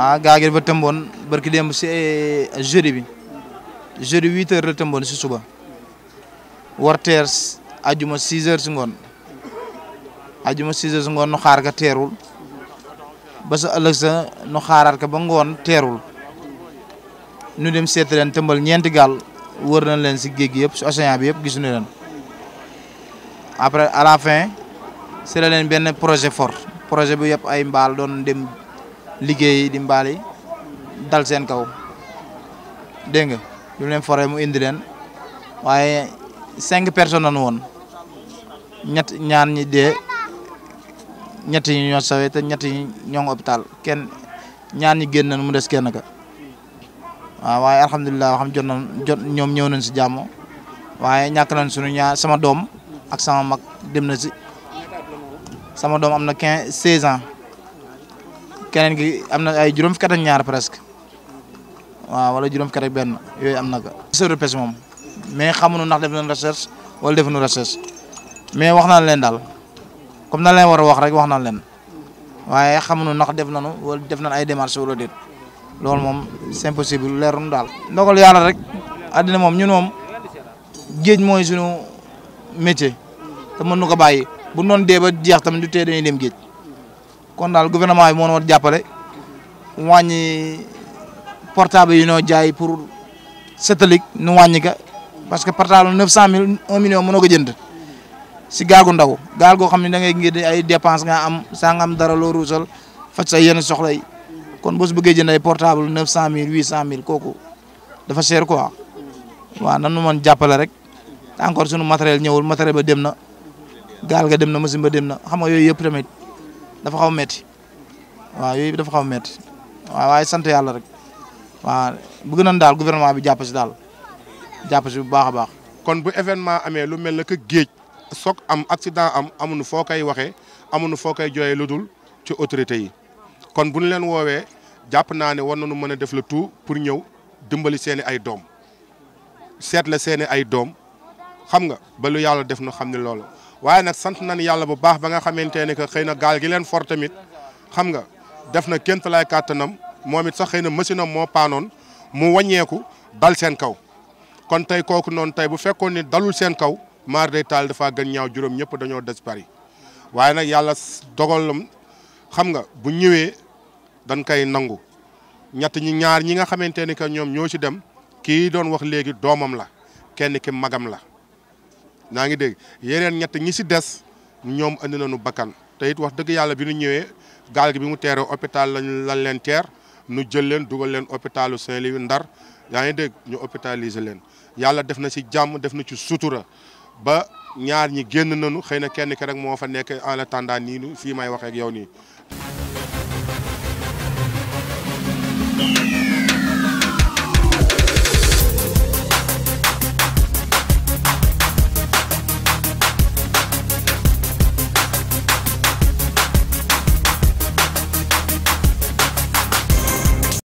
ah gaa gi dafa tëmboon barki démb si jeudi bi jeudi huit heures la tëmboon si suba war teer ajuma six heures si ngoon ajuma six heures si ngoon xaar ka terul ba sa ëllëg sa nu xaaraat ka ba ngoon teerul nu dem seet leen tëmbal ñeenti gal wër nañ len si géej gi yëpp océan bi yëpp gisuñu leen après à la fin si la leen benn projet fort projet bi ay doon dem liggéey di mbaali dal seen kaw dégg nga lu leen foree mu indi leen waaye cinq personnes woon ñett ñaan ñi dee ñett ñi ñoo sawee te ñett ñoo hôpital kenn ñaan ñi génn nañ mu des kenn ka waaw waaye alhamdulilah xam jot nañ jot ñoom ñëw nañ si jàmm waaye ñàkk nañ suñu ñaar sama doom ak sama mag dem na si sama doom am na quinze seize ans keneen gi am na ay juróom fukki ñaar presque waaw wala juróom fukki at benn yooyu am na ko. chef de pêche moom mais xamuñu ndax def nañ recherche wala defuñu recherche mais wax na leen daal comme na leen war a wax rek wax na leen waaye xamuñu ndax def nu wal def nañ ay démarches wala déet loolu moom c'est impossible leerul daal. ndogal yàlla rek àddina moom ñun moom géej mooy suñu métier te mën nu ko bàyyi bu noon dee ba jeex tamit du tee dañuy dem géej. kon dal gouvernement bi moo war jàppale portable yi no jaay pour satellite nu wañi ga parce que portable 900.000, 1 mille un million ko jënd si gaagu ndaw gaal go xamni da ngay ngir ay dépenses nga am saa nga am dara lo rousal fa sa yene soxlay kon bo su bëggee jënd ay portable 900.000, 800.000 koku dafa cher quoi wa nan nu mën rek encore suñu matériel ñewul matériel ba dem na gaal ga dem na machine ba dem na xam nga yoy yëpp tamit dafa xaw metti waaw yooyu dafa xaw metti waaw waaye sant yàlla rek waaw bëgg nañ daal gouvernement bi jàpp si daal jàpp si bu baax a baax. kon bu événement amee lu mel ne que géej soog am accident am amuñu foo koy waxee amuñu foo koy jooyee lu dul ci autorité yi kon bu ñu leen woowee jàpp naa ne war nañu mën a def le tout pour ñëw dimbali seeni ay doom seetle la seeni ay doom xam nga ba lu yàlla def nu xam ne loolu. waaye nag sant nañ yàlla bu baax ba nga xamante ne que xëy na gaal gi leen for tamit xam nga def na ként lay kàttanam moom it sax xëy na machine am moo paanoon mu waññeeku dal seen kaw kon tey kooku noonu tey bu fekkoon ni dalul seen kaw maar day taal dafa gën ñaaw juróom ñëpp dañoo des pari waaye nag yàlla dogalam xam nga bu ñëwee dañ koy nangu ñett ñi ñaar ñi nga xamante ne que ñoom ñoo ci dem kii doon wax léegi doomam la kenn ki magam la naa ngi dégg yeneen ñett ñi si des ñoom andi nañu bakkan te it wax dëgg yàlla bi ñu ñëwee gaal gi bi mu teere hôpital lañ la leen teer nu jël leen dugal leen hôpitalu Saint-Louis Ndar yaa ngi dégg ñu hôpitaliser leen yàlla def na si jàmm def na ci sutura ba ñaar ñi génn nañu xëy na kenn ki rek moo fa nekk en attendant nii fii may waxeeg yow nii.